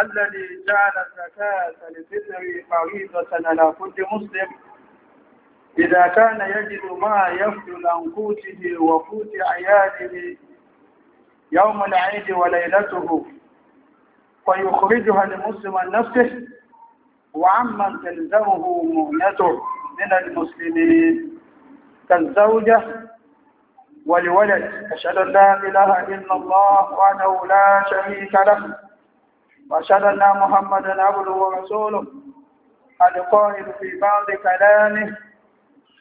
الذي جعل الزكاة للفطر فريضة على كل مسلم إذا كان يجد ما يفضل عن قوته وقوت عياله يوم العيد وليلته فيخرجها لمسلم نفسه وعمن تلزمه مهنته من المسلمين كالزوجة والولد أشهد أن لا إله إلا الله وأنه لا شريك له وأشهد أن محمدا عبده ورسوله القائل في بعض كلامه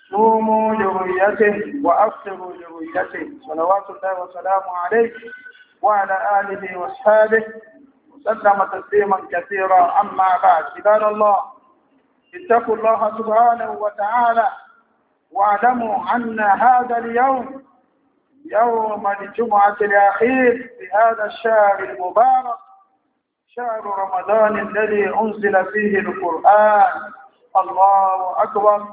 صوموا لرؤيته وأفطروا لرؤيته صلوات الله وسلامه عليه وعلى آله وأصحابه وسلم تسليما كثيرا أما بعد عباد الله اتقوا الله سبحانه وتعالى واعلموا أن هذا اليوم يوم الجمعة الأخير في هذا الشهر المبارك شهر رمضان الذي أنزل فيه القرآن الله أكبر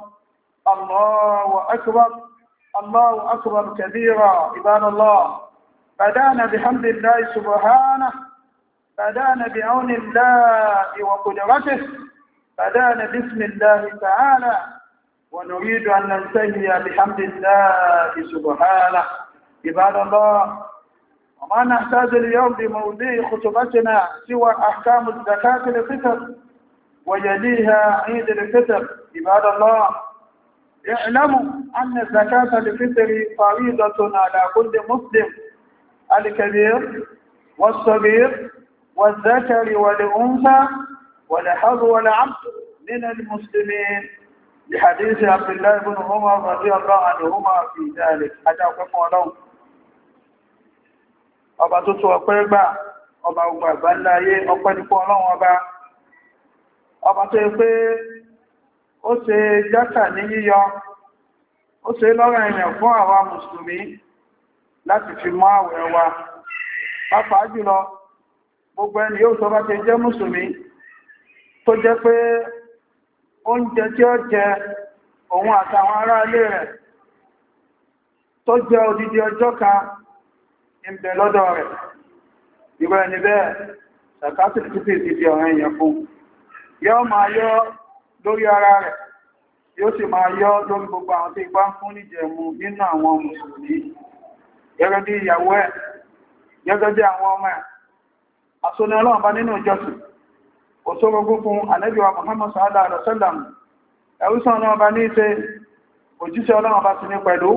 الله أكبر الله أكبر كبيرا عباد الله بدأنا بحمد الله سبحانه بدأنا بعون الله وقدرته بدأنا باسم الله تعالى ونريد أن ننتهي بحمد الله سبحانه عباد الله وما نحتاج اليوم لموضوع خطبتنا سوى أحكام الزكاة الفطر ويليها عيد الفطر عباد الله اعلموا أن الزكاة الفطر فريضة على كل مسلم الكبير والصغير والذكر والأنثى والحظ والعبد من المسلمين لحديث عبد الله بن عمر رضي الله عنهما في ذلك حتى أقف ولو ọba tó tó ọpẹ́ gbà ọba ogun àgbà ńlá ayé ọpẹ́ nípò ọlọ́run ọba ọba tó yẹ pé ó ṣe ní yíyọ ó ṣe lọ́rọ̀ fún àwọn mùsùlùmí láti fi mọ́ àwẹ̀ wa jùlọ gbogbo ẹni yóò ti mùsùlùmí tó jẹ́ pé oúnjẹ tí ó jẹ òun àtàwọn rẹ̀ tó odidi ọjọ́ ń lọ́dọ̀ rẹ̀ ìwọ ẹni bẹ́ẹ̀ sàkátì títì ti di ọ̀rẹ́ yẹn fún yóò yọ lórí ara rẹ̀ yóò sì máa yọ lórí gbogbo ahụ tí ipá ń fún níjẹ̀mú nínú àwọn mùsùlùmí gẹ́gẹ́ bí ìyàwó ẹ̀ gẹ́gẹ́ bí àwọn ọmọ ẹ̀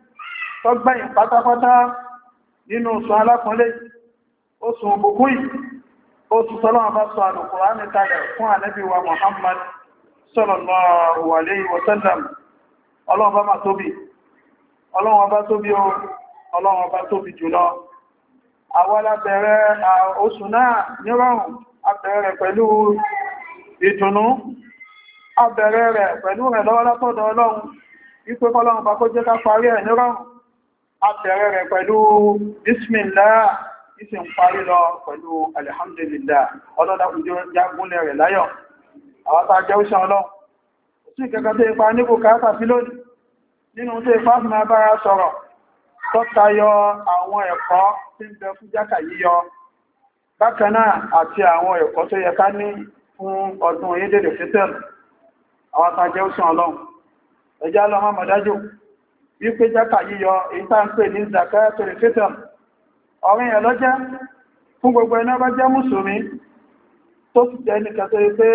tọ́gbà yìí pátápátá nínú oṣù alákùnlé oṣù òkùnkùn yìí oṣù tọ́lọ́wọ́ bá sọ Al-Qur'ani kalẹ̀ fún ànábì wa Muhammad sallallahu alayhi wa sallam ọlọ́wọ́ bá má tóbi ọlọ́wọ́ bá tóbi o ọlọ́wọ́ bá tóbi jùlọ àwọn abẹ̀rẹ̀ oṣù náà nírọ̀rùn abẹ̀rẹ̀ pẹ̀lú ìdùnnú abẹ̀rẹ̀ rẹ̀ pẹ̀lú rẹ̀ lọ́wọ́ látọ̀dọ̀ ọlọ́run wípé kọ́lọ́run bá kó jẹ́ ká parí ẹ̀ nírọ̀rùn àtẹ̀rẹ rẹ̀ pẹ̀lú bismillah ìsìn parí lọ pẹ̀lú alhamdulillah ọlọ́dàkùnjẹ́ jágúnlẹ̀ rẹ̀ láyọ̀ àwọn tàà jẹ́ òṣà ọlọ́ sí ìkẹ́kẹ́ tó ipa nípò káàkà sí lónìí nínú tó ipa fún abára sọ̀rọ̀ tó tayọ àwọn ẹ̀kọ́ tí ń bẹ fún ẹjá lọ mọ́ mọ̀dájú wípé jákà yíyọ ìtànpé ní zakatul fitr ọ̀rin fún gbogbo ẹni bá jẹ́ mùsùlùmí tó ti jẹ́ nìkan pé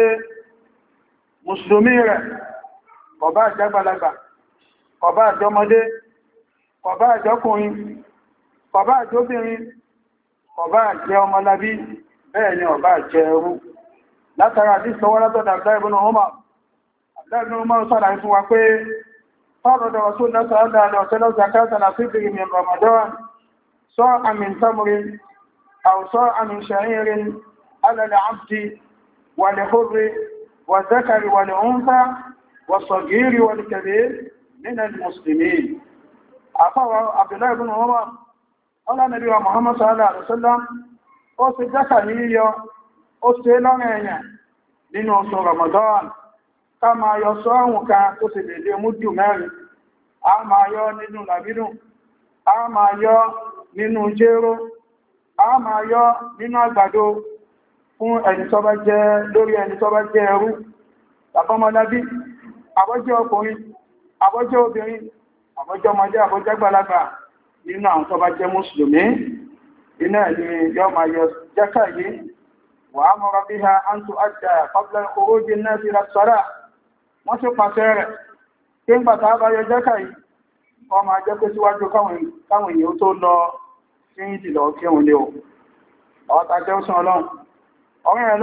mùsùlùmí rẹ̀ kò Kọbaa àjàgbàlagbà kò bá àjọmọdé kò bá àjọkùnrin àjẹ́ ọmọlábí bẹ́ẹ̀ ni àjẹ́ ẹrú látara àdísọwọ́látọ̀dà فرض رسول الله صلى الله عليه وسلم زكاة نصيبه من رمضان صاع من تمر أو صاع من شعير على العبد والحر والذكر والأنثى والصغير والكبير من المسلمين أخوة عبد الله بن عمر قال النبي محمد صلى الله عليه وسلم أصدق هي أصدق لنا nínú oṣù ká máa yọ sọ́ọ̀hún kan tó sì lè lè múdù mẹ́rin a máa yọ nínú làbídùn a máa yọ nínú jéró a máa yọ nínú àgbàdo fún ẹni tó bá jẹ́ lórí ẹni tó bá jẹ́ ẹrú tàbọ́mọdábí àbọ́jẹ́ ọkùnrin àbọ́jẹ́ obìnrin àbọ́jẹ́ ọmọdé àbọ́jẹ́ gbalagbà nínú àwọn tó jẹ́ mùsùlùmí iná ẹ̀lẹ́ yọ máa yọ jẹ́kà yìí wà á mọ́ra bí ha á ń tó àjà pọ́blẹ̀ orójì náà sí ra sọ́rà wọ́n sì pàṣẹ rẹ̀ tí ń gbàtà bá jẹ́kà yìí wọ́n máa jẹ́ pé síwájú káwọn èèyàn tó lọ sí ìdìlọ̀ kí òun lè ọ̀ta jẹ́ òsàn ọlọ́run ọ̀rìn ẹ̀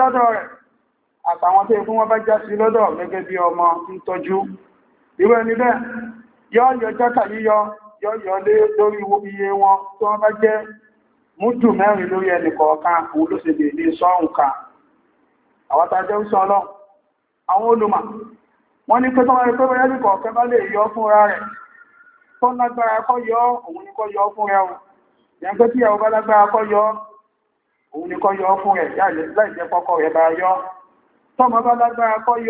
ló àtàwọn tó ikú wọn bá já sí lọ́dọ̀ gẹ́gẹ́ bí ọmọ ń tọ́jú ìwé ni bẹ́ẹ̀ yọ́ yọ jákà yíyọ yọ́ yọ lé lórí iye wọn tó wọ́n bá jẹ́ múdù mẹ́rin lórí ẹnì kọ̀ọ̀kan òun ló ṣe lè ní sọ́run ka àwọn tàjẹ́ ń sọ ọlọ́run àwọn olùmọ̀ wọ́n ní pé tó wọ́n rí pé bẹ́ẹ̀ kọ̀ọ̀kan bá lè yọ fúnra rẹ̀ tó lágbára kọ́ yọ òun ni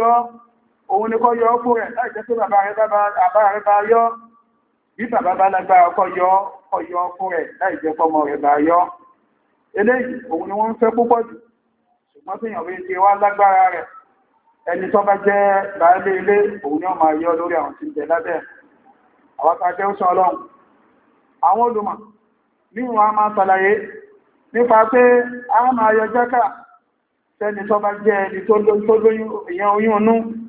kọ́ òun ni kọ́ yọ ọkú rẹ̀ láì jẹ́ pé bàbá rẹ̀ bá yọ bí bàbá bá lágbára kọ́ yọ ọkú rẹ̀ láì jẹ́ pọ́mọ rẹ̀ bá yọ eléyìí òun ni wọ́n ń fẹ́ púpọ̀ jù ṣùgbọ́n tí ìyàwó ti wá lágbára rẹ̀ ẹni tó bá jẹ́ bàálé ilé òun ni ó máa yọ lórí àwọn tí ń jẹ lábẹ́ àwọn tá jẹ́ òṣàn ọlọ́run àwọn olùmọ̀ níwọ̀n a máa ṣàlàyé nípa pé a máa yọ jákà sẹ́ni ẹni tó lóyún ìyẹn oyún inú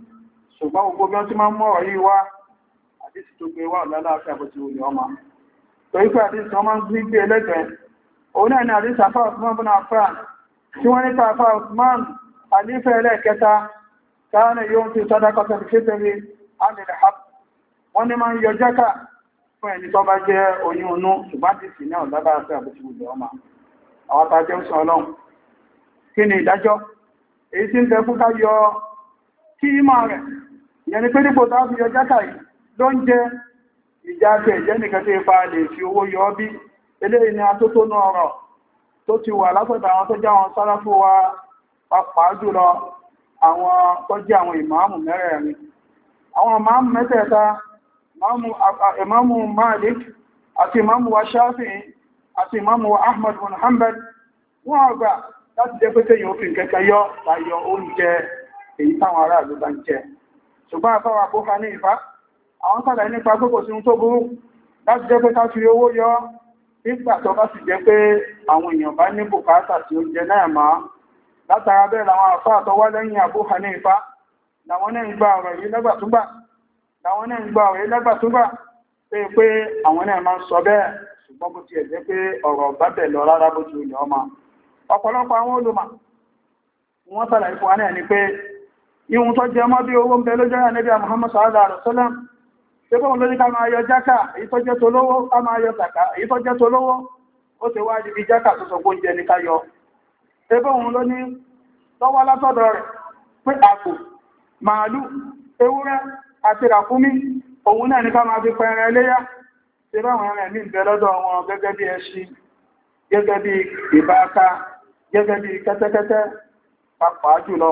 ṣùgbọ́n gbogbo bí wọ́n ti máa ń mọ́ ọ̀rí wá àdísì tó gbé wá ọ̀lá àbòtí olè ọmọ torí pé àdísì wọn máa ń gbé gbé ẹlẹ́gbẹ̀ẹ́ òun náà ni àdísì afá Usman bin Affan tí wọ́n nípa afá Usman àlífẹ́ ẹlẹ́ẹ̀kẹta káàánà yóò fi wọ́n ní máa ń yọ fún ẹni tó bá jẹ́ oyún ṣùgbọ́n sí ìmọ̀ rẹ̀ yẹni pé nípò tó fi yọjá kàí ló ń jẹ ìjáfẹ́ ìjẹ́ nìkan ipa lè fi owó yọ bí eléyìí atótónú ọ̀rọ̀ tó ti wà látọ̀dọ̀ àwọn tó jáwọn wa jùlọ àwọn tó àwọn ìmáàmù mẹ́rẹ̀ẹ̀rin àwọn ìmáàmù mẹ́tẹ̀ẹ̀ta ìmáàmù Malik àti ìmáàmù wa àti ìmáàmù àgbà láti jẹ́ pé tẹ́yìn òfin yọ èyí táwọn aráàlú bá ń jẹ ṣùgbọ́n àfáwà kó fa ní ìfá àwọn sàlẹ̀ nípa gbogbo sí tó burú láti pé ká owó yọ nígbà bá sì jẹ́ pé àwọn èèyàn bá ní bùkátà tí ó jẹ náà máa látara bẹ́ẹ̀ làwọn àfáà tó lẹ́yìn làwọn làwọn náà ń ọ̀rọ̀ yìí pé àwọn náà àwọn olùmọ̀ wọ́n ihun tó jẹ mọ́ bí owó ń bẹ ló jẹ́rà níbi Muhammad sallallahu alaihi wasallam tí bọ́n lórí ká máa yọ jákà èyí tó jẹ́ tolówó ká máa yọ tàkà èyí tó jẹ́ tolówó ó ti wá níbi jákà tó sọ gbóúnjẹ ní ká yọ tí bọ́n ló ní lọ́wọ́ látọ̀dọ̀ rẹ̀ pé àpò màálù ewúrẹ́ àti ràkúmí òun náà ní ká máa fi pẹ̀rẹ̀ léyà tí gẹ́gẹ́ bí ẹṣin gẹ́gẹ́ bí kẹ́tẹ́kẹ́tẹ́ pàápàá jùlọ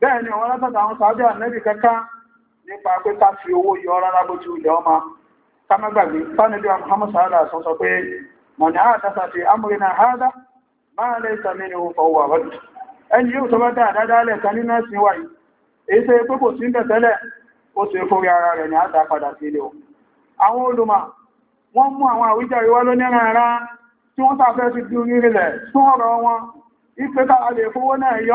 bẹ́ẹ̀ ni àwọn látàtà àwọn sàájọ́ ànẹ́bì kẹta nípa pé ká fi owó yọ rárá bó ti ilẹ̀ ọmọ ká má gbàgbé sánàbí Muhammad sàádà sọ sọ pé mọ̀nà àtàtà ti amúrinà hádá máa lè sàmì ní òfò wà o àwọn olùmọ̀ wọ́n mú àwọn àwíjàre wá tí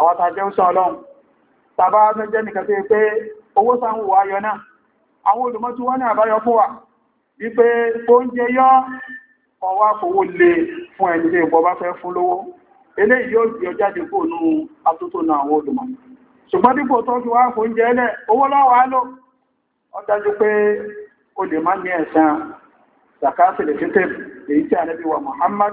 àwọn tàjẹ́ òṣà ọlọ́run tàbá mẹ́jẹ́ nìkan tó yẹ pé owó sáwọn wà yọ náà àwọn olùmọ́ tí wọ́n ní àbáyọ fún wa wípé oúnjẹ yọ ọwá fowó lè fún ẹni lè bọ́ bá fẹ́ fún lówó eléyìí yóò gbé ọjà dípò nú atótónà àwọn olùmọ̀ ṣùgbọ́n dípò tó fi wá fún oúnjẹ ẹlẹ̀ owó lọ́wọ́ á lò ó dájú pé o lè má ní ẹ̀san zakasi lè títẹ̀ èyí tí a nẹ́bí wa Muhammad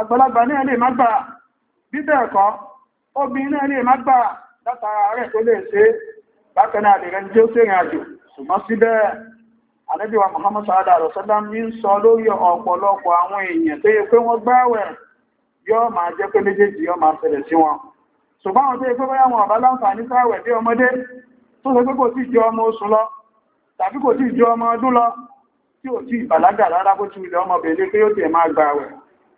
àgbàlagbà náà lè má gbà bíbẹ̀ ẹ̀kọ́ obìnrin náà lè má gbà látara rẹ̀ tó lè ṣe bákanáà lè rẹ̀ tí ó sì àjò ṣùgbọ́n síbẹ̀ ànábíwa Muhammad sa'adà àrọ̀sọ́dá ní ń sọ lórí ọ̀pọ̀lọpọ̀ àwọn èèyàn tó yẹ pé wọ́n gbáwẹ̀ yóò máa jẹ́ pé méjèèjì yóò máa ṣẹlẹ̀ sí wọn ṣùgbọ́n àwọn tó yẹ pé bóyá wọn ọ̀bá láǹfààní sáwẹ̀ bí ọmọdé tó sọ pé kò tí jẹ ọmọ oṣù lọ tàbí kò tí jẹ ọmọ ọdún lọ tí ò tí ìbàlágà rárá bó ti ilẹ̀ ọmọbìnrin pé ó tiẹ̀ máa gbàwẹ̀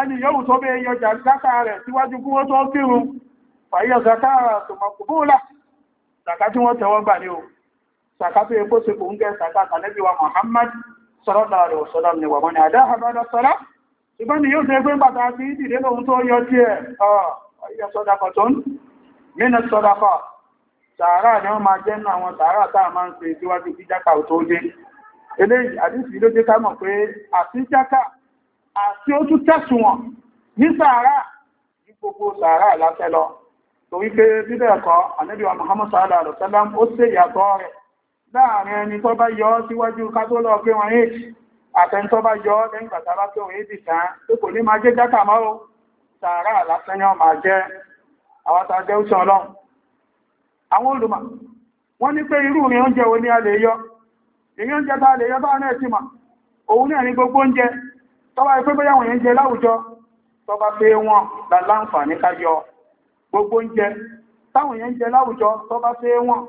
ẹni yóò tó bẹ́ yọ jàǹdákà rẹ̀ síwájú kí wọ́n tó kírun fàyí ọ̀sàká tòmọ̀kùbúlà sàká tí wọ́n tẹ̀wọ́n gbà ní o sàká tó epo sí kòún gẹ́ sàká kàlẹ́bí wa Muhammad sọ́rọ́lá rẹ̀ sọ́lá ni wà mọ́ni àdá àbádọ́ sọ́lá ṣùgbọ́n ni yóò tẹ́ pé bàtà sí ìdílé lóhun tó yọ tí ẹ̀ ọ̀yọ́ sọ́dakọ̀ tó ń mínà sọ́dakọ̀ sàárà ni wọ́n máa jẹ́ nù àwọn sàárà táà máa ń pè síwájú bí jákà ò tó dé eléyìí àdísì ló dé ká mọ̀ pé àti àti ó tún tẹ̀sùn wọn ní sàárà ní gbogbo sàárà láfẹ́ lọ torí pé bíbẹ̀ ẹ̀kọ́ ànábì wa Muhammad sallallahu alaihi wasallam ó ṣe ìyàtọ̀ rẹ̀ láàrin ẹni tó bá yọ síwájú ká tó lọ pé wọn èèkì àtẹni tó bá yọ lẹ́yìn bàtà bá pé wọn èèkì tán tó kò ní máa jẹ́ jákà mọ́ o sàárà lásányàn máa jẹ́ àwọn tàjẹ́ òṣàn ọlọ́run àwọn olùmọ̀ wọ́n ní pé irú ni oúnjẹ wo ni a lè yọ èyí oúnjẹ tá a lè yọ bá náà ti mà òun náà ní gbogbo oúnjẹ tọ́wà ẹgbẹ́ bóyá wọ̀nyẹ jẹ láwùjọ tọba pé wọn láǹfààní káyọ gbogbo oúnjẹ táwọn èèyàn jẹ láwùjọ tọba pé wọn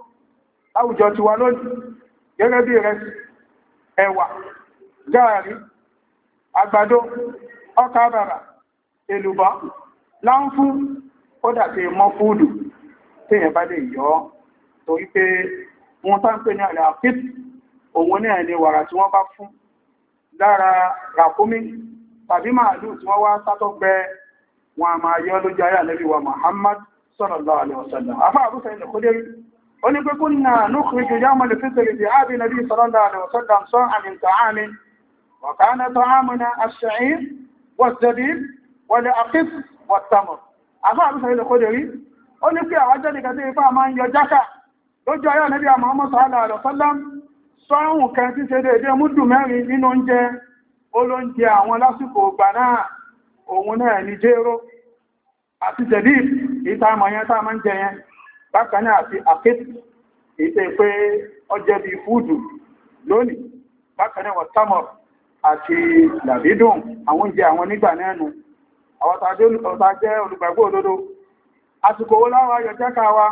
láwùjọ ti wà lónìí gẹ́gẹ́ bí rẹ̀ ẹ̀wà gààrí àgbàdo ọkà bàrà èlùbá láńfú ó dàbí mọ́ fúùdù téèyàn bá lè yọ ọ́ torí pé wọn tá ń pè ní àlẹ́ àfíìsì òun náà ni wàrà tí wọ́n bá fún lára ràkúmí tàbí màálù tí wọ́n wá sátọ́ gbẹ wọn a máa yọ lójú ayé àlẹ́bí wa Muhammad sallallahu alaihi wasallam afá àbúsẹ̀ ilẹ̀ kúdé ó ní pé kún náà nùkùnrin jù yá mọ̀lẹ̀ fífẹ̀rẹ̀ bí ábí nàbí sallallahu alaihi wasallam sọ àmì tààmì wàkánà tààmùnà àṣàyí wàṣẹ̀dí wàlẹ̀ àkíf wàtàmù afá àbúsẹ̀ ilẹ̀ kúdé rí ó ní pé sọ́rùn kan tí ṣe déédé múdù mẹ́rin nínú oúnjẹ olóúnjẹ àwọn lásìkò ọgbà náà òun náà ni jéró àti jẹ̀dí ìtàmọ̀yẹn tá máa ń jẹ yẹn bákan náà àti àkéèkì ìtẹ́ pé ọjẹ́ bí fúdù lónìí bákan náà wọ̀támọ̀ àti làbídùn àwọn oúnjẹ àwọn nígbà náà nù àwọn tàbí jẹ́ olùgbàgbọ́ òdodo àsìkò owó láwọn wa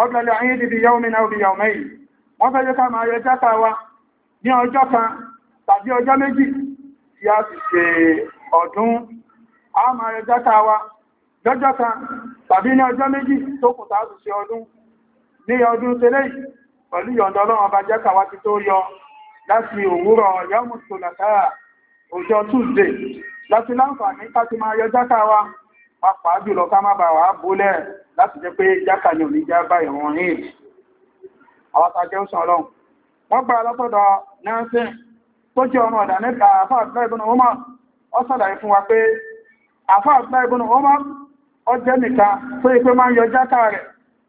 ọdún lẹ́yìn ìdìdì yawmin aw bi wọ́n fẹ́ jẹ́ ká máa yẹ wa ní ọjọ́ kan tàbí ọjọ́ méjì tí a sì ṣe ọdún a wa lọ́jọ́ kan tàbí ní ọjọ́ méjì tó kù tàbí ṣe ọdún ní ọdún tẹ́lẹ̀ pẹ̀lú yọ̀ndọ̀ ọba wa ti tó yọ láti òwúrọ̀ yọ́mù ọjọ́ Tuesday láti ká àwọn àtàjẹ́ òṣàn ọlọ́run wọ́n gbà lọ́tọ̀dọ̀ nẹ́ẹ̀sìn tó jẹ́ ọmọ ọ̀dà nípa àfáà àgbà ìbùnú ọmọ ọ sàlàyé fún wa pé àfáà àgbà ìbùnú ọmọ ọ jẹ́ nìkan tó yẹ pé máa ń yọ jákà rẹ̀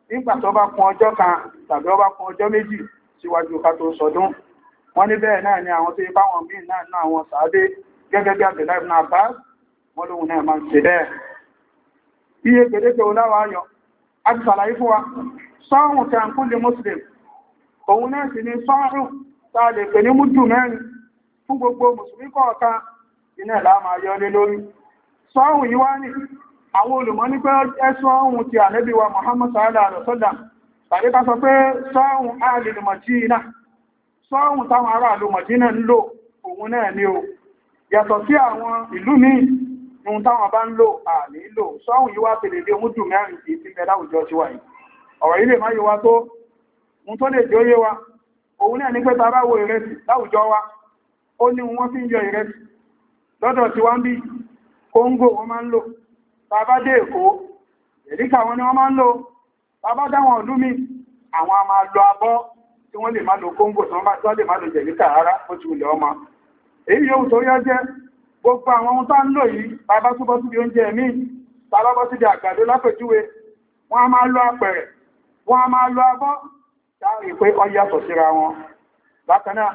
nígbà tó bá kún ọjọ́ kan tàbí ó kún ọjọ́ méjì síwájú ká tó sọdún wọ́n ní bẹ́ẹ̀ náà ni àwọn tó yẹ báwọn míì náà náà wọn sàádé gẹ́gẹ́ bí àbẹ̀lá iye gbèdéke oláwàáyọ a ti sàlàyé fún wa sọ́hùn muslim òun náà sì ni sọ́rùn tá a lè pè ní mújù mẹ́rin fún gbogbo mùsùlùmí kọ̀ọ̀kan iná láàmà yọlé lórí sọ́rùn yìí wá ní àwọn olùmọ̀ pé ẹsùn ọ̀hún ti ànábì Muhammad sallallahu alaihi wasallam tàbí ká sọ pé sọ́rùn àlìlù Mọ̀dínà sọ́rùn táwọn aráàlú Mọ̀dínà ń lò òun náà ni o yàtọ̀ sí àwọn ìlú míì ohun táwọn bá ń lò àlè lò sọ́rùn yìí wá pèlè ọ̀rọ̀ ilé máa yíwá tó ń tó lè jóyé wa òun náà ní pé bàbá wo ìrẹsì láwùjọ wa ó ní wọ́n fi ń yọ ìrẹsì lọ́dọ̀ tí wọ́n bí kóńgò wọ́n máa ń lò bàbá dé èkó èríkà wọn ni wọ́n máa ń lò bàbá dáwọn ọdún mi àwọn a máa lọ abọ́ tí wọ́n lè máa lò kóńgò wọ́n a máa lọ apẹ̀rẹ̀ wọ́n a máa lọ abọ́ dárí pé ọ yàtọ̀ síra wọn bákanáà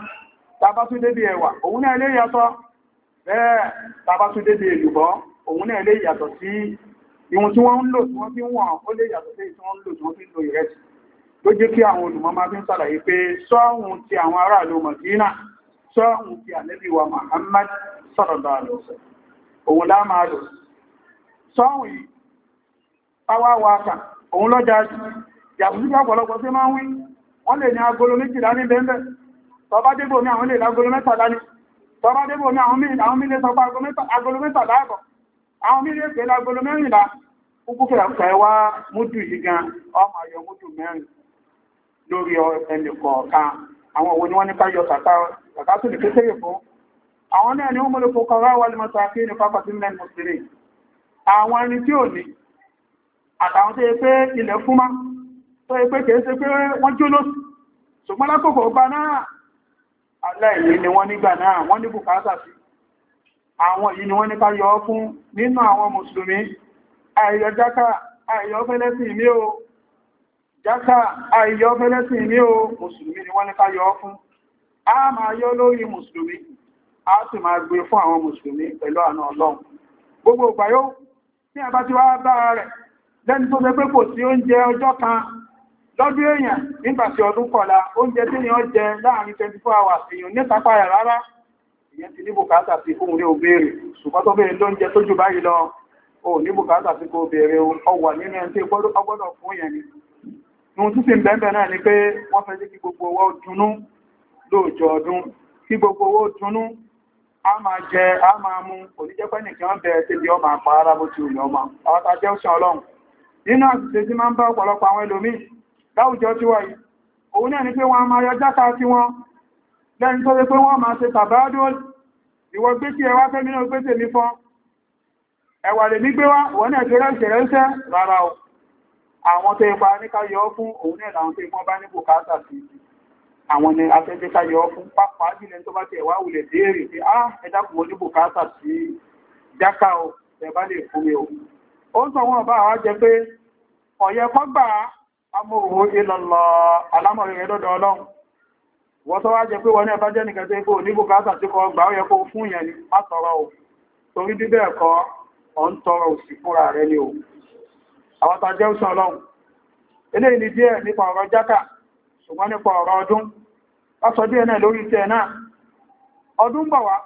tàbá tún débi ẹ̀wà òun náà lè yàtọ̀ bẹ́ẹ̀ tàbá tún débi èlùbọ́ òun náà lè yàtọ̀ sí ìwọ̀n tí wọ́n ń lò tí wọ́n fi wọ̀n ó lè yàtọ̀ sí ìtí wọ́n ń lò tí wọ́n fi ń lo ìrẹsì ló jẹ́ kí àwọn olùmọ̀ máa fi ń sàlàyé pé sọ́ọ̀hún ti àwọn aráàlú Mádínà sọ́ọ̀hún ti ànábì wa Muhammad sallallahu alaihi wasallam òun lá máa lò sọ́ọ̀hún yìí táwà wákà òun lọ́jà jàbùsí pọ̀lọpọ̀ sí máa ń wí wọ́n lè ní agolo méjìlá ní bẹ́ẹ̀bẹ́ tọba débò ní àwọn lè lágolo mẹ́tàlá ní tọba débò ní àwọn mílé tọpa agolo mẹ́tàlá àbọ̀ àwọn mílé pè lágolo mẹ́rìnlá púpù kẹwà múdù yìí gan ọmọ ayọ̀ múdù mẹ́rin lórí ni wọ́n ní káyọ kàkà tó lè kékeré ni ó múlò fún kọ̀ọ̀rọ̀ wà lọ́mọ tàbí ní pé ilẹ̀ fún máa tó ẹgbẹ́ kìí ṣe pé wọ́n jó lóṣù ṣùgbọ́n lákòókò ọba náà aláìní ni wọ́n nígbà náà wọ́n ní bùkátà sí àwọn yìí ni wọ́n ní ká yọ ọ́ fún nínú àwọn mùsùlùmí àìyọ jákà àìyọ fẹ́lẹ́sì ní o jákà àìyọ fẹ́lẹ́sì ní o mùsùlùmí ni wọ́n ní ká yọ ọ́ fún a máa yọ lórí mùsùlùmí a sì máa gbé fún àwọn mùsùlùmí pẹ̀lú àna ọlọ́run gbogbo ìgbà yóò tí a bá ti wá bá rẹ̀ lẹ́ni lọ́dún èèyàn nígbàtí ọdún kọ̀lá oúnjẹ tí yàn jẹ láàrin 24 hours èèyàn ní tapá ẹ̀ rárá ìyẹn ti ní bùkátà sí fún orí òbèèrè ṣùgbọ́n tó bèèrè lóúnjẹ tó jù báyìí lọ o ní bùkátà sí kó bèèrè ọwà nínú ẹni tí ọgbọ́dọ̀ fún yẹn ni ohun tí sì ń bẹ́ẹ̀ náà ni pé wọ́n fẹ́ kí gbogbo owó dunú lóòjọ́ ọdún kí gbogbo owó dunú a máa jẹ a máa mu kò ní jẹ́ pẹ́ nìkan bẹ̀rẹ̀ tí ó máa pa ara bó ti wù láwùjọ tí wà yìí òun náà ni pé wọ́n a máa yọ játa tí wọ́n lẹ́yìn tó rí pé wọ́n máa ṣe tàbádùn ìwọ gbé sí ẹwà fẹ́ mìíràn gbé tèmi fọ́n ẹwà lè nígbé wá wọ́n náà tó rẹ́ṣẹ̀ rẹ́ṣẹ́ rárá o àwọn tó ipa ní káyọ fún òun náà làwọn tó ipa bá ní bùkátà sí àwọn ni afẹ́fẹ́ káyọ fún pápá ti ẹ̀wà o ẹ̀bá lè fún o ó sọ wọn bá àwọn jẹ pé ọ̀yẹ amóhù ìlọ́lọ́ alámọ̀rẹ̀rẹ̀ lọ́dọ̀ ọlọ́run wọ́n tó wá jẹ pé wọ́n ní ẹ̀bá jẹ́ nìkan tó kó ní bùkátà tí kọ gbà ó o torí bíbẹ̀ ẹ̀kọ́ ọ ń tọrọ fúnra ni o ọlọ́run díẹ̀ nípa ọ̀rọ̀ jákà ṣùgbọ́n nípa ọ̀rọ̀ ọdún díẹ̀ náà lórí náà ọdún bọ̀ wá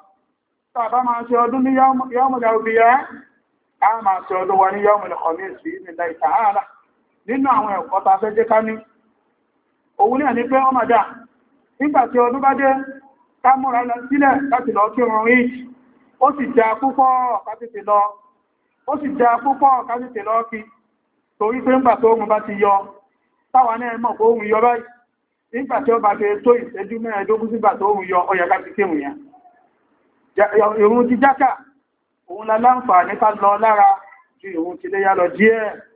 tá a bá máa ṣe ọdún ní yọ́mùlẹ̀ òbí yá a máa ṣe ọdún nínú àwọn ẹ̀kọ́ ta fẹ́ jẹ́ ká ní òun náà ní pé wọ́n máa nígbàtí ọdún bá jẹ́ ká múra lọ sílẹ̀ láti lọ kí rí ó sì jẹ́ púpọ̀ kátìtì lọ ó sì jẹ́ púpọ̀ torí pé oòrùn bá ti yọ táwa ẹ̀ mọ̀ pé oòrùn yọ báyìí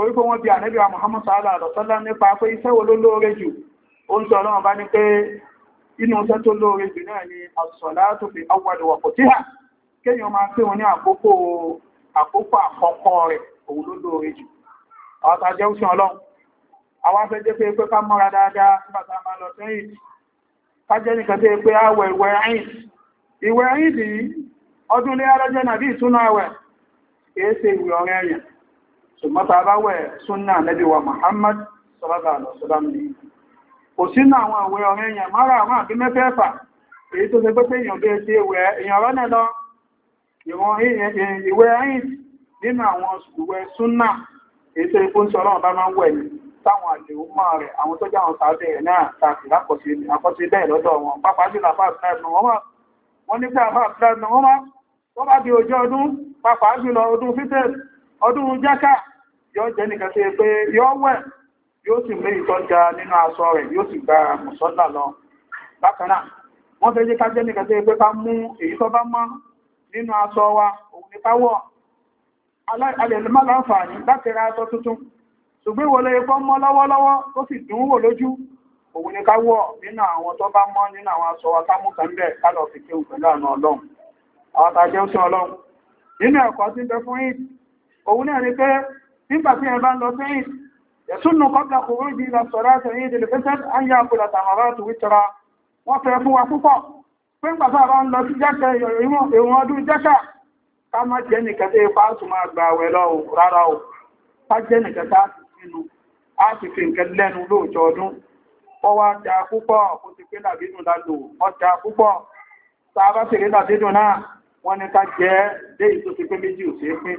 torí pé wọ́n bí ànábì wa Muhammad sallallahu alaihi wasallam nípa pé iṣẹ́ wo ló lóore jù ń ní pé inú iṣẹ́ tó lóore jù náà ni as-salatu fi awwali waqtiha kéèyàn máa pé wọn ní àkókò àkókò àkọ́kọ́ rẹ̀ òun ló lóore jù a ọlọ́run lọ ṣùgbọ́n ta bá wẹ̀ súnnà Ànábì wa Muhammad sallallahu alaihi wasallam ni kò sínú àwọn àwẹ̀ ọ̀rẹ́ èèyàn mara àwọn àbí mẹ́fẹ́fà èyí tó ṣe pẹ́pẹ́ èèyàn bẹ́ẹ̀ ṣe wẹ̀ èèyàn rọ́nà lọ ìwẹ̀ ẹ̀yìn nínú àwọn ìwẹ̀ súnnà èyí tó ikú ń sọ ọlọ́run bá máa ń wẹ̀ ní táwọn àdéhùn máa rẹ̀ àwọn tó jáwọn sáré rẹ̀ náà tàbí lákọ̀ọ́sí bẹ́ẹ̀ lọ́dọ̀ wọn pápá jùlọ àfáà wọn nígbà àfáà wọn bá di ojú ọdún pápá jùlọ ọdún fítẹ́sì ọdún jáká yóò jẹ́ nìkan tí pé yóò wẹ̀ yóò sì mé ìtọ́jà nínú aṣọ rẹ̀ yóò sì gba mùsọ́lá lọ bákanáà wọ́n fẹ́ jẹ́ ká jẹ́ nìkan tí pé mú èyí tó bá mọ́ nínú aṣọ wa òun ni ká wọ̀ láti ra tuntun ṣùgbọ́n lè mọ́ lọ́wọ́lọ́wọ́ tó sì dùn wò lójú òun ni nínú àwọn tó bá mọ́ nínú àwọn aṣọ wa bẹ́ẹ̀ ká lọ fi kéwù pẹ̀lú òun náà ni pé nígbà tí ẹ bá ń lọ sí ẹ̀sùnnù kọ́gbà kòrò jí lọ sọ̀rọ̀ àtẹ̀yìn ìdílẹ̀ pẹ́sẹ̀ ayé àpòlà tàhàrà tó wítara wọ́n fẹ́ fún wa púpọ̀ pé ń pàtàkì bá ń lọ sí jẹ́kẹ̀ ìwọ̀n ọdún jẹ́kà ká má jẹ́ nìkan wọ́n wá ká jẹ́ dé ìtòsí pé méjì ò sí pín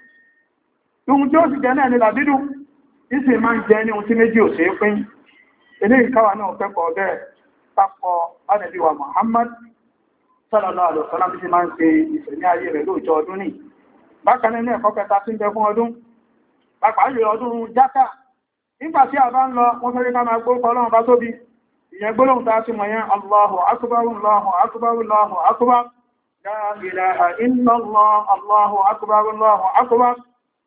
ohun tí ó sì jẹ́ náà ni làbídù ìsìn máa ń jẹ ní ohun tí méjì ò sí pín ilé ìkáwà náà Muhammad ti máa ń ayé rẹ̀ lóòjọ́ ọdún ní bákan nínú ẹ̀kọ́ kẹta sí ń bẹ fún ọdún pàpàá yìí ọdún jákà a a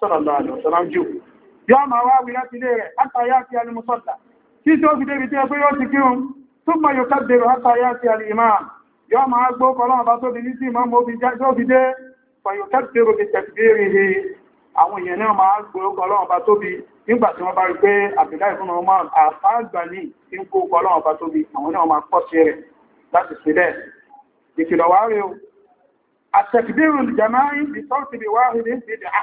sallallahu alaihi wasallam jù yọ́ ma wá wí láti ilé rẹ̀ látàyá ti alimusọ́ta tí tí ó fi débi tí ẹ pé yóò ti kírun tó mọ̀ yóò kábẹ̀rẹ̀ látàyá ti alìmáà yọ́ ma gbó kọlọ́wọ́ bá tóbi ní sí ìmọ́ mọ́ fi dé fàyò kábẹ̀rẹ̀ ti tẹ̀síbẹ̀rẹ̀ he àwọn èèyàn náà ma gbó kọlọ́wọ́ bá tóbi nígbà tí wọ́n bá rí pé àbìláì fún ọmọ àfáàgbà ní ìkó kọlọ́wọ́ bá tóbi àwọn náà ma pọ̀ sí rẹ̀ láti sí bẹ́ẹ̀ ìkìlọ̀ wá rí o àtẹ̀síbẹ̀rẹ̀ jama'i bí sọ́ọ̀tì bí wáhìdì bí dàá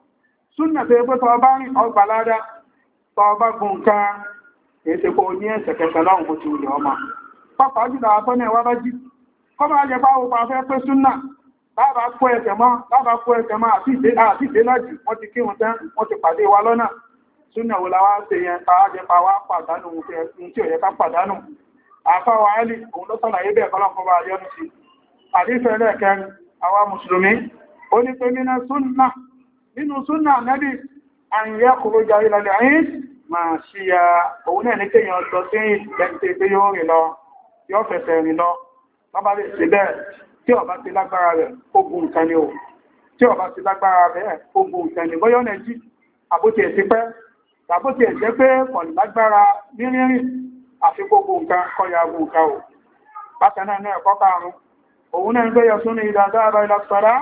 súnà tó ẹgbẹ́ tọba rìn ọgbà ládá tọba gùn ká èsèkò ní ẹsẹ̀ kẹsà láwọn kò ti wùlẹ̀ ọmọ pápá jùlọ àtọ́nà ẹwà bá jí kọmọ ajẹ́ páwọ́ pa fẹ́ pé súnà bàbá kó ẹsẹ̀ mọ́ bàbá kó ẹsẹ̀ mọ́ àti ìdé lọ́jì wọ́n ti kírun tán wọ́n ti pàdé wa lọ́nà súnà wò láwá ṣe yẹn tàá jẹ́ pa wá pàdánù ohun tí ò yẹ ká pàdánù àfáwà áìlì òun ló sọ̀nà ayébẹ̀ kọ́lọ́kọ́ bá yọ́nu sí àdífẹ́ lẹ́ẹ̀kẹrin àwa mùsùlùmí ó ní pé mínà súnà nínú súnà nẹ́bí àyíyá kòrò jàrí lọlẹ̀ ayín máa ṣí ya òun náà ní kéèyàn lọ sí ìlẹ́ntẹ́ pé yóò rìn lọ yóò fẹ̀fẹ̀ rìn lọ bábá lè ṣe bẹ́ẹ̀ tí ọba ti lágbára rẹ̀ ogun nǹkan ni o tí ọba ti lágbára rẹ̀ ogun nǹkan ni bóyọ́ náà jí àbótiẹ̀ ti pẹ́ tàbótiẹ̀ jẹ́ pé kọ̀ lágbára ní àfi gbogbo nǹkan kọyà ogun nǹkan o bákan náà náà ń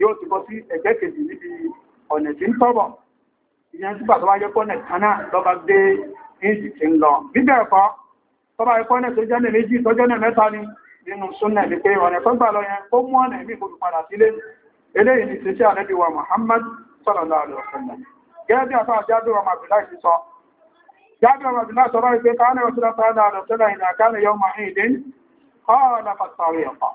yóò ti bọ́ sí ẹ̀gbẹ́ kejì níbi ọ̀nà tí ń tọ́bọ̀ ìyẹn tí bàtọ́ bá jẹ́ pọ́nà kanáà lọ́ba gbé éjì tí ń lọ bíbẹ̀ ẹ̀kọ́ tọ́ba ẹ̀kọ́ náà tó jẹ́nà méjì tó jẹ́nà mẹ́ta ni nínú súnnà ní pé ọ̀nà tó gbà lọ yẹn ó mú ọ̀nà ìmí ìfòdù padà sílé eléyìí ni ti ṣe ànábì wa Muhammad sallallahu alaihi wasallam gẹ́gẹ́ bí àfáà jábí wa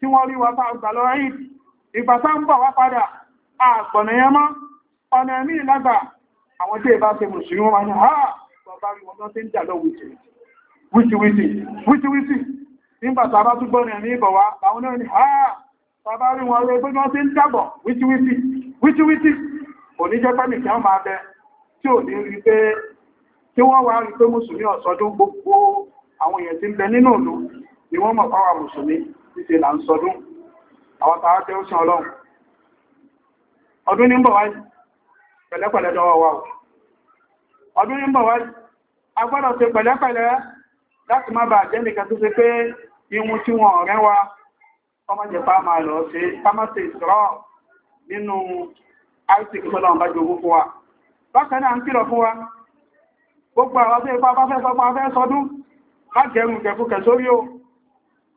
tí wọ́n rí wata àgbàlọ́ ẹ̀yìn ìgbà tá ń bọ̀ wá padà àgbọ̀nà yẹn mọ́ ọ̀nà ẹ̀mí ìlágbà àwọn tí ìbá ṣe mùsùlùmí ni ha bàbá rí wọn tí ń jà lọ wìtìwìtì nígbà tàbá tún gbọ́nà ẹ̀mí ìbọ̀ ni ha bàbá rí wọn lọ gbọ́nà tí ń jàbọ̀ wìtìwìtì wìtìwìtì òní jẹ́ pẹ́ nìkan máa bẹ tí tí wọ́n wá rí pé mùsùlùmí ọ̀sọ́dún gbogbo àwọn èèyàn tí ń bẹ nínú òlú ni wọ́n mọ̀ fáwà mùsùlùmí títẹ là ń sọdún àwọn tààrà tẹ́ ó sàn ọlọ́run ọdún ní ń bọ̀ wáyé pẹ̀lẹ́pẹ̀lẹ́ dọwọ́ wa ọdún ní ń bọ̀ wáyé a gbọ́dọ̀ ṣe pẹ̀lẹ́pẹ̀lẹ́ láti má bàa jẹ́nìkan tó ṣe pé ihun tí wọn ọ̀rẹ́ wa ọmọjẹ̀pá máa lọ sí pharmacy ìṣòro nínú arctic pẹ̀lọ́ ọ̀bá jogún fún wa bákan náà ń kìlọ̀ fún wa gbogbo àwọn tó ipá bá fẹ́ sọdún má jẹ́rùn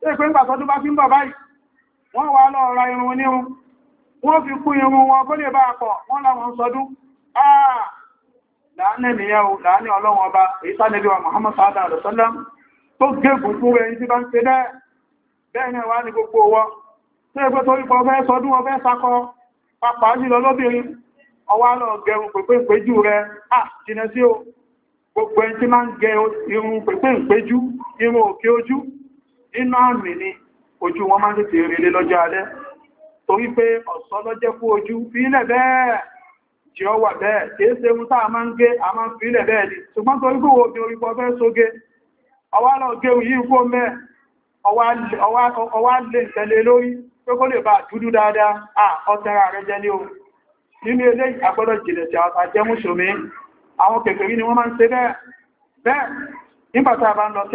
pé ń tó bá fi ń bọ̀ báyìí wọ́n wá lọ ra irun onírun wọ́n fi kú irun wọn kó lè bá pọ̀ wọ́n láwọn sọdún àà ah! láàánẹ́ nìyàwó láàánẹ́ ọlọ́wọ́n ọba èyí sánẹ́bí wa sáadà àdọ̀sọ́lá tó ìpéjú ah! irun òkè ojú nínú àmì ni ojú wọn máa ń tètè rèlé lọ́jọ́ alẹ́ torí pé ọ̀sọ́ lọ́jẹ́ fún ojú fílẹ̀ bẹ́ẹ̀ tí wà bẹ́ẹ̀ kìí ṣe ohun táà máa ń gé a máa ń fílẹ̀ bẹ́ẹ̀ ni ṣùgbọ́n torí gbòwò ní orí pọ̀ fẹ́ sóge ọwá lọ gé yìí kó mẹ́ ọwá lè tẹ̀lé lórí pé kó lè dúdú dáadáa à ní o nínú ilé àgbọ́dọ̀ jìnlẹ̀ tí ni wọ́n máa ń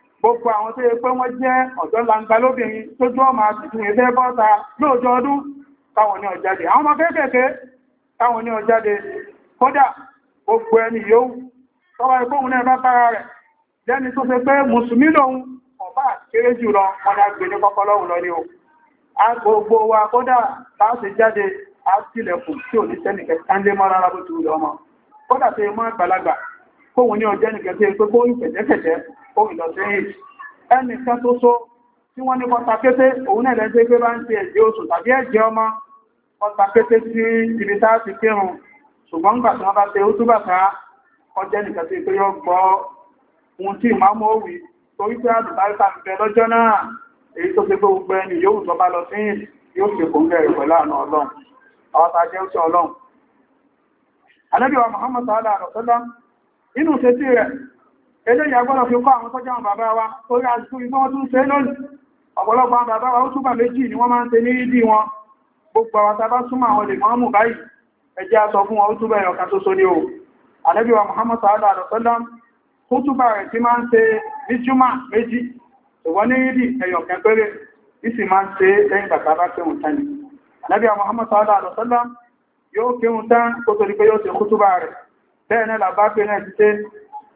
gbogbo àwọn tó yẹ pé wọ́n jẹ́ ọ̀dọ́ langa lóbìnrin tó jọ ọmọ àtìkún ẹgbẹ́ bọ́ta lóòjọ́ ọdún táwọn ní ọjáde àwọn ọmọ kéékèèké táwọn ní ọjáde kódà gbogbo ẹni yóò tọwọ́ ẹgbóhun náà bá bára rẹ̀ lẹ́ni tó fẹ́ pé mùsùlùmí lòun ọba kéré jù lọ wọn ni a gbé ní kọ́kọ́lọ́hùn lọ ní o a gbogbo wa kódà láti jáde a tilẹ̀kùn tí ò ní sẹ́nìkẹ́ sáńdé mọ́ rárá bó ti wù lọ́mọ kódà tó yẹ mọ́ àgbàlagbà kóhun ní ọjọ́ nìkẹ́ tó yẹ pé kó ń kẹ̀kẹ́kẹ̀kẹ́ òmìnà sí èjì ẹnì kan tó so tí wọ́n ní pọ́ta kété òun náà lẹ́sẹ̀ pé bá ń ti ẹ̀jẹ̀ oṣù tàbí ẹ̀jẹ̀ ọmọ pọ́ta kété sí ibi tá ti kírun ṣùgbọ́n gbà tí wọ́n bá ṣe ó túbà ká ọjẹ́ nìkan sí pé yọ gbọ́ ohun tí ìmáàmù ó wí torí pé àdùbáríkà ń bẹ lọ́jọ́ náà èyí tó ṣe pé gbogbo eléyìí agbọ́dọ̀ fi kọ́ àwọn tọ́jọ́ àwọn bàbá wa torí àsìkò iná wọ́n tún ṣe lónìí ọ̀pọ̀lọpọ̀ àwọn bàbá wa ó túbà méjì ni wọ́n máa ń ṣe ní ìdí wọn gbogbo àwọn tàbá súnmọ́ àwọn lè mọ́mù báyìí ẹjẹ́ aṣọ fún wọn ó túbà ẹ̀yọ̀ kan ṣoṣo ní o Ànábì wa Muhammad sallallahu alaihi wasallam ó túbà rẹ̀ tí máa ń ṣe ní júmà méjì ṣùgbọ́n ní ìdí ẹ̀yọ̀ kan Muhammad sallallahu alaihi wasallam yóò kéhùn tán kó tó di pé yóò ṣe kútúbà rẹ̀ bẹ́ẹ̀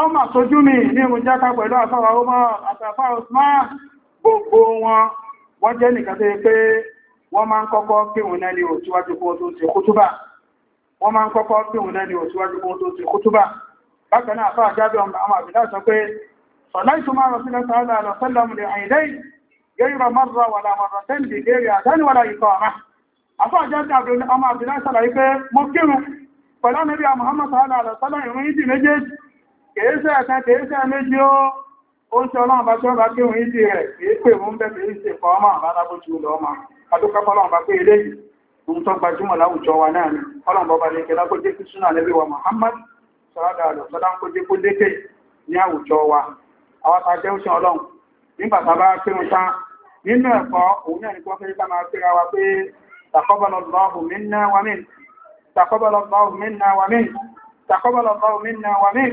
ọmọ sojú mi ní ìrùnjáta pẹ̀lú àfáwà ọmọ àtàfà Usman gbogbo wọn wọ́n jẹ́ nìkan tó pé wọ́n máa ń kọ́kọ́ pèwọ̀n náà ni òtíwájú kó tó ti kútúbà wọ́n máa ń kọ́kọ́ pèwọ̀n náà ni òtíwájú kó tó ti kútúbà bákan náà àfáà jábẹ́ ọmọ àbìlá sọ pé sọ̀lá ìtumá rọ̀sílẹ̀ sọ́lá àlọ́sọ́lọ́mù lè àìlẹ́yìn gẹ́rọ mọ́rọ̀ wà lámọ̀rọ̀ tẹ́lì gẹ́rẹ àdánìwàlá ikọ̀ ọ̀rá. Àfáà jẹ́ ọmọ àbìlá sọ̀lá yìí pé mọ́ kírun pẹ̀lú àmẹ́bí àmọ́hàmà sọ́lá àlọ́sọ́lá ìrún kèéṣẹ́ ẹ̀kan kèéṣẹ́ méjì ó ń ṣe ọlọ́run bá ṣọ́bá kí òun ìdí rẹ̀ kìí pè mú bẹ́ẹ̀ kìí ṣe pọ̀ ọmọ àbálábójú lọ́mọ adókápọ́lọ́run bá pé eléyìí ohun tó gbajúmọ̀ láwùjọ wa náà ni ọlọ́run bọ́ba lè kẹ́lá kó kí súnà lẹ́bí wa Muhammad sọ́dá àlọ́ sọ́dá kó jẹ́ kó dékè ní àwùjọ wa àwọn ta jẹ́ òṣìṣẹ́ ọlọ́run nígbà tá bá kírun tán nínú ẹ̀kọ́ òun náà ni kí wọ́n fẹ́ ká máa kíra wa pé taqabbalallahu minna wa min taqabbalallahu minna wa min taqabbalallahu minna wa min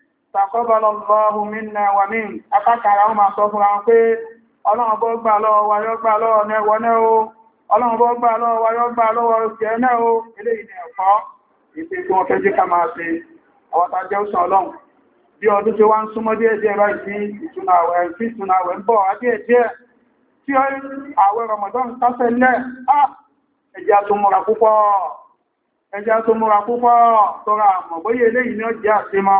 tàkọ́bọ̀lọ̀ lọ́hùn mínà wà ní apákàrà wọn máa sọ fún àwọn pé ọlọ́run bọ́ gbà lọ́wọ́ wa yọ́ gbà lọ́wọ́ o ọlọ́run bọ́ gbà lọ́wọ́ wa yọ́ gbà lọ́wọ́ òṣìṣẹ́ náà o eléyìí ni ẹ̀kọ́ ìpé tí wọ́n fẹ́ jí ká máa ṣe àwọn tàjẹ́ òṣàn ọlọ́run bí ọdún tí wá ń súnmọ́ díẹ̀ díẹ̀ báyìí sí ìtúnà àwẹ̀ sí ìtúnà àwẹ̀ ń bọ̀ wá díẹ̀ díẹ̀ tí ó àwẹ̀ rọmọdán tásẹ̀ lẹ̀ ẹjá tó múra púpọ̀ ẹjá tó múra púpọ̀ tọ́ra àmọ̀ bóyá eléyìí ni ó jẹ́ àṣemọ́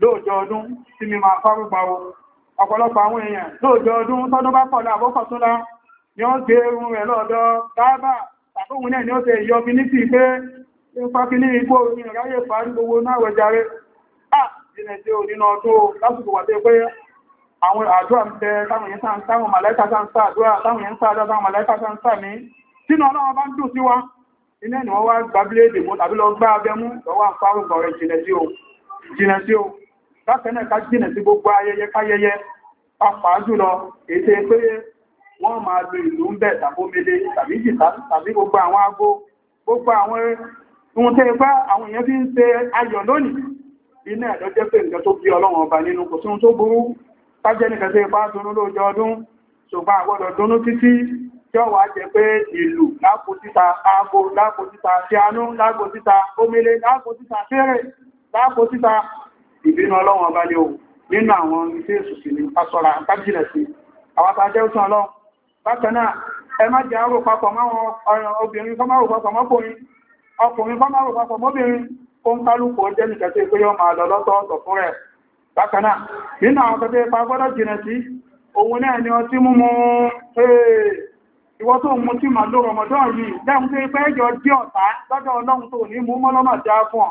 lóòjọ́ ọdún tí mi máa fárúgba o ọ̀pọ̀lọpọ̀ àwọn èèyàn lóòjọ́ ọdún tọ́dún bá pọ̀lá àbọ́kọ̀túnlá ni ó gbé ohun rẹ̀ lọ́ọ̀dọ́ dáábà tàbóhun náà ni ó ṣe ìyọbi ní sí pé ìfàkíní ipò orin ráyè parí gbogbo náà wẹ̀járe ààbìnẹ̀ tí ó nínú ọdún lásìkò wà pé àwọn àdúrà ń bẹ táwọn yẹn sáà táwọn màláìkà sáà ń sáà àdúrà táwọn yẹn sáà dábàá màláìkà sáà ń sáà ní sínú ọlọ́wọ́ wọ́n wá gbábílẹ̀ èdè mú tàbí lọ gbá abẹ́mú lọ́wọ́ àpárùn-ún rẹ̀ jìnà sí o bákanáà ká jìnà sí gbogbo ayẹyẹ káyẹyẹ pàápàá jùlọ ètò pé wọ́n máa lo ìlú ń bẹ̀ tàbómele tàbí jìtá tàbí gbogbo àwọn agbó gbogbo àwọn ohun tẹ́ bá àwọn èèyàn fi ń ṣe ayọ̀ lónìí iná ẹ̀dọ́ jẹ́ pé nǹkan tó bí ọlọ́run ọba nínú kò sí ohun tó burú tájẹ́ nìkan tẹ́ bá dunú ìbínú ọlọ́run ọba ní ohun nínú àwọn iṣẹ́ ìsùsì ní pásọ́ra kájìlẹ̀ sí àwátá jẹ́ òsùn ọlọ́run bákan náà ẹ má jẹ́ àrò papọ̀ máwọn obìnrin kọ́ máa rò papọ̀ mọ́kùnrin ọkùnrin kọ́ máa rò papọ̀ mọ́bìnrin ó ń kálùkù ó jẹ́ nìkan tó pé yóò máa lọ lọ́tọ̀ọ̀tọ̀ fún rẹ̀ bákan náà nínú àwọn kẹfẹ́ ni ọtí mímu ìwọ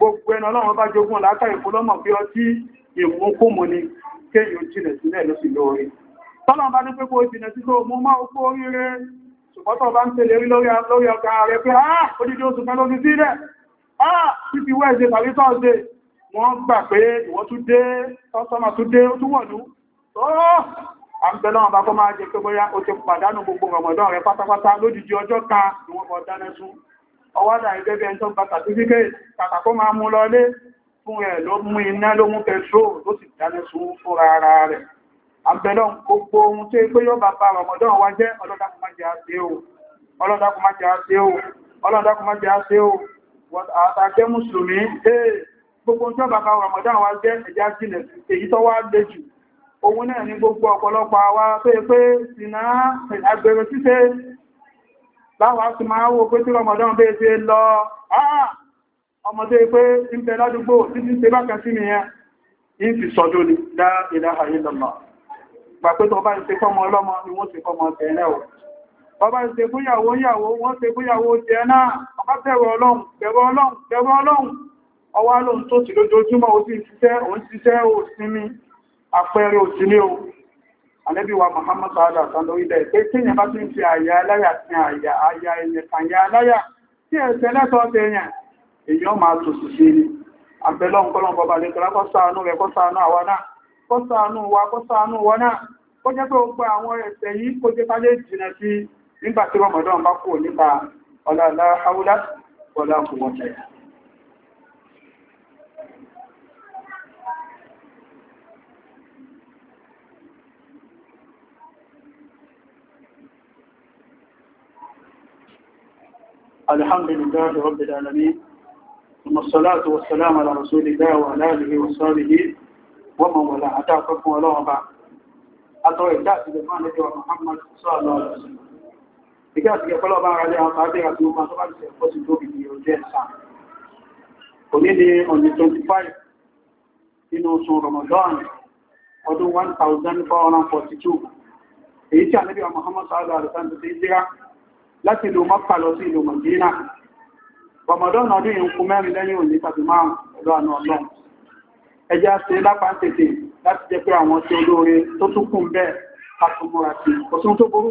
gbogbo ẹnu ọlọ́run bá jogún láká ìfúnlọ́mọ̀ bí ọ tí ìmúkúmù ni kéyàn jìnà sílẹ̀ ló sì lóore tọ́lọ́run bá ní pé kó jìnà sí tó mú máa ogbó oríire ṣùgbọ́tọ̀ bá ń tẹ̀lé rí lórí ọkà rẹ̀ pé ah odidi oṣù kan lórí sílẹ̀ ah títí wẹ́ẹ̀dẹ̀ tàbí tọ́ọ̀dẹ̀ wọ́n gbà pé ìwọ́n tún dé tọ́sọ́mà tún dé ó tún wọ̀lú tó àbẹ̀lọ́wọ̀n bá kọ́ máa jẹ́ pé bóyá ó ti pàdánù gbogbo ọmọdọ́ rẹ̀ pátápátá lójijì ọjọ́ kan ni wọ́n ọwádà ìgẹ́gẹ́ tó gba certificate kàkà kó máa mú lọlé fún ẹ̀ ló mú iná ló mú petrol ló sì dáná sun fúnra ara rẹ̀ àbẹ̀lọ́n gbogbo ohun tó pé yóò bá eh, bá rọmọdán wá jẹ́ ọlọ́dàkùnmájẹ́ àṣẹ o ọlọ́dàkùnmájẹ́ àṣẹ o ọlọ́dàkùnmájẹ́ àṣẹ o àtàjẹ́ mùsùlùmí gbogbo tó bá bá rọmọdán wá jẹ́ ẹ̀já sílẹ̀ èyí tó wá lè jù òun náà ni gbogbo ọ̀pọ̀lọpọ̀ àwa pé pé sínà agbèrè títẹ́ láwọn á sì máa wò pé tí ọmọdán bẹ́ẹ̀ ṣe lọ ọmọdé pé ń bẹ ládúgbò títí ṣe bákan sí mi yẹn ń fi sọdún ni dá ìdáhà yìí lọ́nà gbà pé tọba ìṣe fọ́mọ ọlọ́mọ ni wọ́n ti fọ́mọ tẹ̀ẹ̀rẹ́ ò ọba ìṣe fúnyàwó yàwó wọ́n ṣe fúnyàwó jẹ́ náà ọba bẹ̀rọ ọlọ́run bẹ̀rọ ọlọ́run bẹ̀rọ ọlọ́run ọwá lóhun tó sì lójoojúmọ́ ó sì ṣiṣẹ́ òun ṣiṣẹ́ òsinmi àpẹẹrẹ òsinmi o àlẹ́bíwa Muhammad sa'adà sọ́dọ̀ ilẹ̀ pé tí yẹn bá ti ń fi àyà aláyà sí àyà àyà ẹ̀yẹ kànyà aláyà tí ẹ̀sẹ̀ lẹ́tọ́ ti yẹn èyàn máa tò sì sí ni àbẹ̀lọ́ ńkọ́lọ́ bọ̀bà lè tọ́lá kọ́ ṣàánú rẹ̀ kọ́ ṣàánú àwa náà kọ́ ṣàánú wa kọ́ ṣàánú wa náà kó jẹ́ pé ó gba àwọn ẹ̀ṣẹ̀ yìí kó jẹ́ kálé jìnà sí nígbà tí rọmọdán bá kú nípa ọ̀làlá haúlá wọlá kùwọ̀tẹ̀ الحمد لله رب العالمين ثم الصلاة والسلام على رسول الله وعلى آله وصحبه ومن والاه أتاكم ولا وبع أتوا إجازة لفانة ومحمد صلى الله عليه وسلم إجازة يقول الله عليه وصحبه àti ọmọ tó bá ti ẹ̀kọ́ sí lóbi ní ọjọ́ ẹ̀sán òní ni on the 25 nínú oṣù Ramadan ọdún 1442 èyí tí a níbi Muhammad sallallahu alaihi wasallam ti jẹ́ láti ìlú Mákà lọ sí ìlú Mọ̀dínà. Rọ̀mọ̀dọ́nà ọdún yìí ń kú mẹ́rin lẹ́yìn òní tàbí márùn-ún ọ̀dọ́ àna ọlọ́run. Ẹja ṣe lápá ń tètè láti jẹ́ pé àwọn tí olóore tó tún kún bẹ́ẹ̀ ká tún múra sí. Kò sí tó burú.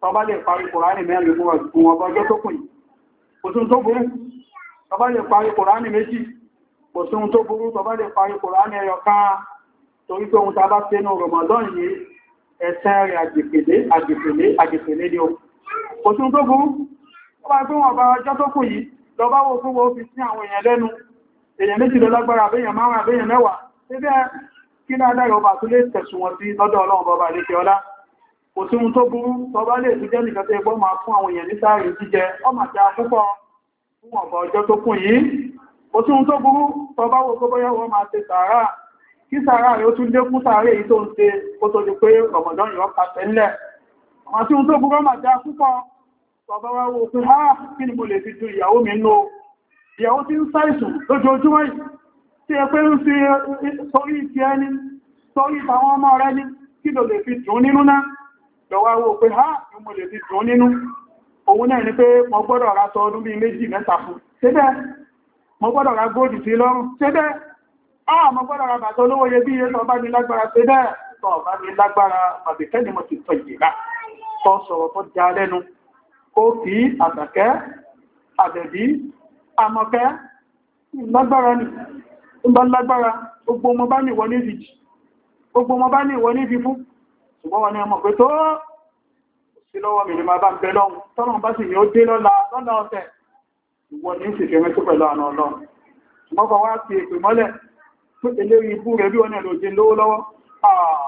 Tọba lè parí Kùránì mẹ́rin fún ọdún ọba ọjọ́ tó kù yìí. Kò sí tó burú. Tọba lè parí Kùránì méjì. Kò sí tó burú. Tọba lè parí Kùránì ẹyọ kan. Torí pé ohun tá a bá ṣe nù Rọ̀mọ̀dọ́n yìí, ẹ̀sẹ̀ rẹ̀ àgbègbèlé àgbègbèlé àgbègbèlé ni ó kò tún tó burú ó bá tó wọ́n bá ọjọ́ tó kù yìí lọ bá wo fún wọ́n fi sí àwọn èèyàn lẹ́nu èèyàn méjìlélágbára àbẹ́yàn márùn-ún àbẹ́yàn mẹ́wàá síbẹ̀ kí dáadáa ọba tó lè tẹ̀sùn wọn sí lọ́dọ̀ ọlọ́run bọba àdékẹ́ ọlá kò sí ohun tó burú tọba lè tó jẹ́ nìkan tó ẹgbọ́ máa fún àwọn èèyàn ní sáàrin jíjẹ ọmọ àti akúkọ fún ọ̀bà ọjọ́ tó kù yìí kò sí ohun tó burú tọba wo gbọ́bọ́yá wọ́n máa ṣe sàárà kí sàárà rẹ̀ ó tún lékún sàárè yìí tó ń ṣe kó tó di pé ọmọdán yọ pàṣẹ ńlẹ̀ àti ohun tó gúrọ́ mà dá púpọ̀ bàbá wa wo pé ha ah, kí ni mo lè fi ju ìyàwó mi nú ìyàwó tí ń ṣàìsùn lójoojúmọ́ tí ẹ pé ń fi sórí ìtì ẹni sórí ìtàwọn ọmọ rẹ ní kí ló lè fi dùn nínú náà lọ́wọ́ wo pé ha ah, ni mo lè fi dùn nínú òun náà ni pé mo gbọ́dọ̀ ra sọ ọdún bí méjì mẹ́ta fún ṣébẹ́ mo gbọ́dọ̀ ra góòdì sí lọ́rùn ṣébẹ́ ah mo gbọ́dọ̀ ra bàtọ́ olówó yẹ bí iye tó bá ní lágbára ṣébẹ́ tó bá ní lágbára àbẹ̀kẹ́ ni mo ti tọ̀ ìgbà kọ́ sọ̀rọ̀ tó já lẹ́nu ó fi àtàkẹ́ àbẹ̀bí àmọ̀kẹ́ lágbára ní bá lágbára gbogbo ọmọ bá ní ìwọlé ìdíjì gbogbo ọmọ bá ní ìwọlé ìdí fún ṣùgbọ́n wọn ni ọmọ pé tó sí lọ́wọ́ mi ni máa bá ń bẹ lọ́hun tọ́nà bá sì ní ó dé lọ́la lọ́la ọ̀tẹ̀ ìwọ ní sì fẹ́rẹ́ tó lọ́wọ́ àà ah.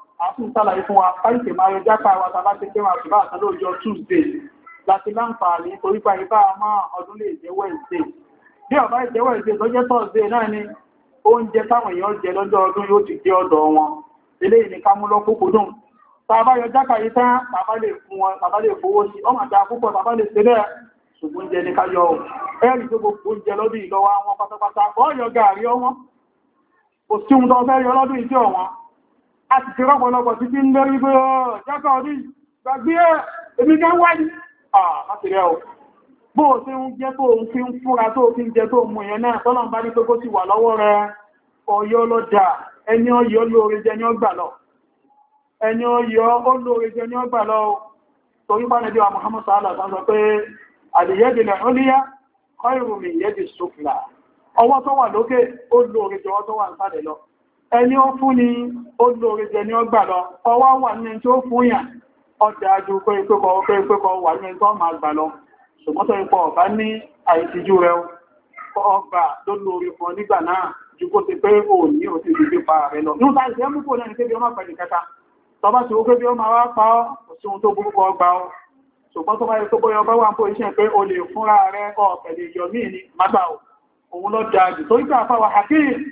àtúntàlàyé fún wa fáìsì máa yọjá pa àwọn tàbá ti kẹwàá àṣùbà àtàlóòjọ́ tuesday láti láǹfààní torí pa ìbá àmọ́ ọdún lè jẹ́ wednesday bí ọ̀bá ìjẹ́ wednesday tó jẹ́ thursday náà ni oúnjẹ táwọn èèyàn jẹ lọ́jọ́ ọdún yóò ti dé ọ̀dọ̀ wọn eléyìí ni ká mú lọ kókó dùn tàbá yọ jáka yìí tán tàbá lè fún wọn tàbá lè fowó sí ọmọ àti àkópọ̀ tàbá lè ṣe bẹ́ẹ̀ ṣùgbọ́n jẹ ní ká yọ ẹ̀rì tó gbogbo oúnjẹ lọ́dún ìlọ́wọ́ àwọn pátápátá ọ̀yọ̀ gààrí ọwọ́n kò sí ohun tó fẹ́ yọ lọ́dún ìjọ wọn a ti ti rọ́pọ̀lọpọ̀ títí ń lórí bí ó jẹ́kọ̀ rí gbàgbé èmi gan wáyé àmásìrẹ́ o bó o ti ń jẹ́ tó ń fi ń fúra tó fi ń jẹ tó mú yẹn náà tọ́lọ̀ bá ní pé kó sì wà lọ́wọ́ rẹ ọ̀yọ́ ló dà ẹni ọ̀yọ́ lóore jẹ ní ọgbà lọ ẹni ọ̀yọ́ ó lóore jẹ ní ọgbà lọ torí pàdé bí wa Muhammad sallallahu ẹni ó fún ni ó jẹ ní ọgbà lọ ọwá wà ní tí ó fún yàn ọdẹ ajú pé ìpékọ wà ní tó máa gbà lọ ṣùgbọ́n ipò ọ̀bá ní àìsíjú rẹ ọgbà fún ọ nígbà náà ju kó ti pé ọ ṣùgbọ́n tó bá ọba wà ń iṣẹ́ pé o lè fúnra rẹ ọ pẹ̀lú ìyọmí ni mágbà òun jù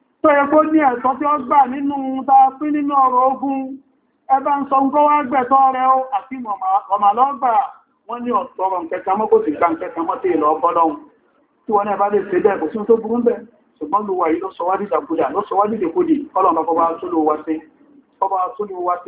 tó yẹ kó ní ẹ̀tọ́ tí ó gbà nínú ta pín nínú ọ̀rọ̀ ogun ẹbá ń sọ ń kọ́ wá gbẹ̀tọ́ rẹ̀ ó àti ọmọlọ́gbà wọ́n ní ọ̀tọ̀rọ̀ nkẹta mọ́ kò sì gba nkẹta mọ́ tí ìlọ ọgbọ́lọ́hun tí wọ́n náà bá lè ṣe bẹ́ẹ̀ kò sí tó burú bẹ́ẹ̀ ṣùgbọ́n ló wà yìí ló sọ wá dìdàkudà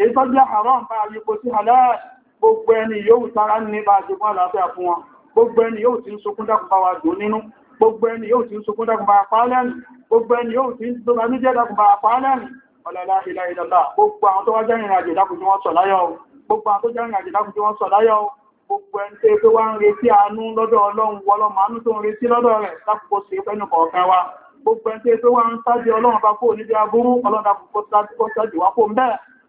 èyí tó jẹ́ haram bá yípo sí halal gbogbo ẹni yóò tara ní bá ṣe fún àlàáfíà fún wọn gbogbo ẹni yóò ti ń sokún dákùnbá wa dùn nínú gbogbo ẹni yóò ti ń sokún dákùnbá apálẹ́nì gbogbo ẹni yóò ti ń sokún dákùnbá dákùnbá apálẹ́nì ọlọ́lá ilá ìlọ́lá gbogbo àwọn tó wá jẹ́ ìrìn àjò dákùn tí wọ́n sọ láyọ̀ gbogbo àwọn tó jẹ́ ìrìn àjò pé wá ń retí àánú lọ́dọ̀ ọlọ́run wọlọ́mọ àánú tó ń retí lọ́dọ̀ rẹ̀ lákòókò sí ẹnu kọ̀ọ̀kan wa gbogbo ẹni tó pé wá ń sáájú ọlọ́run bá kó níbi aburú ọlọ́run dákùn sáájú wá kó ń bẹ́ẹ̀